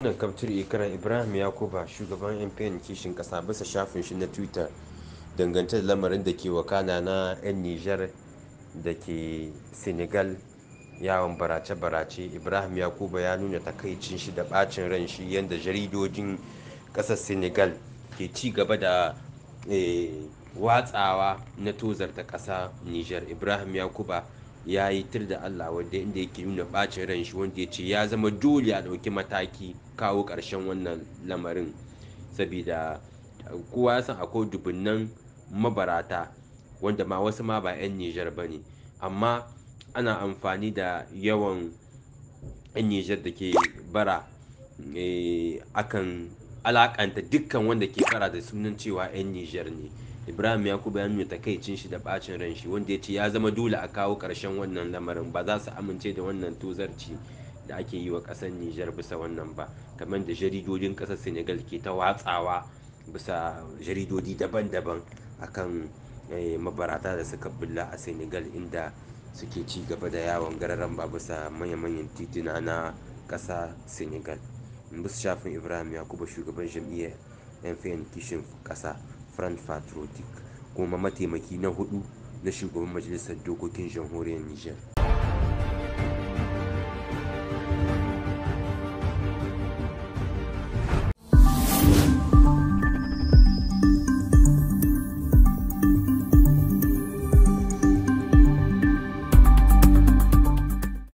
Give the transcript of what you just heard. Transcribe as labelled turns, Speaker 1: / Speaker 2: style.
Speaker 1: wannan kaftir ikran ibrahim yakuba shugaban mpn kishin kasa bisa shafin shi na twitter da lamarin da ke wakana na 'yan nijar da ke senegal yawon barace-barace ibrahim yakuba ya nuna takaicin shi da bacin ran shi yadda jaridojin kasar senegal ke ci gaba da eh, watsawa na tozarta kasa nijar ibrahim yakuba ya yi tir da Allah wanda inda yake nuna bacin ran shi wanda ya ce ya zama dole a ɗauki mataki kawo ƙarshen wannan lamarin Sabida kowa ya san akwai dubunnan mabarata wanda ma wasu ma ba 'yan Nijar ba ne amma ana amfani da yawan 'yan Nijar da ke bara eh, akan alakanta dukkan wanda ke bara da sunan cewa 'yan Nijar ne. ibrahim yakubu ya nuna takaicin shi da bacin ran shi wanda ya ce ya zama dole a kawo karshen wannan lamarin ba za su amince da wannan tozarci da ake yi wa kasar nijar bisa wannan ba kamar da jaridodin kasar senegal ke ta watsawa bisa jaridodi daban-daban akan eh, mabarata da suka bulla a senegal inda suke ci gaba da yawon gararan ba bisa manya-manyan tituna na kasa senegal bisa shafin ibrahim yakubu shugaban jam'iyyar yan kishin kasa Frank Patriotic kuma mataimaki na hudu na shugaban majalisar dokokin jamhuriyar Nijar.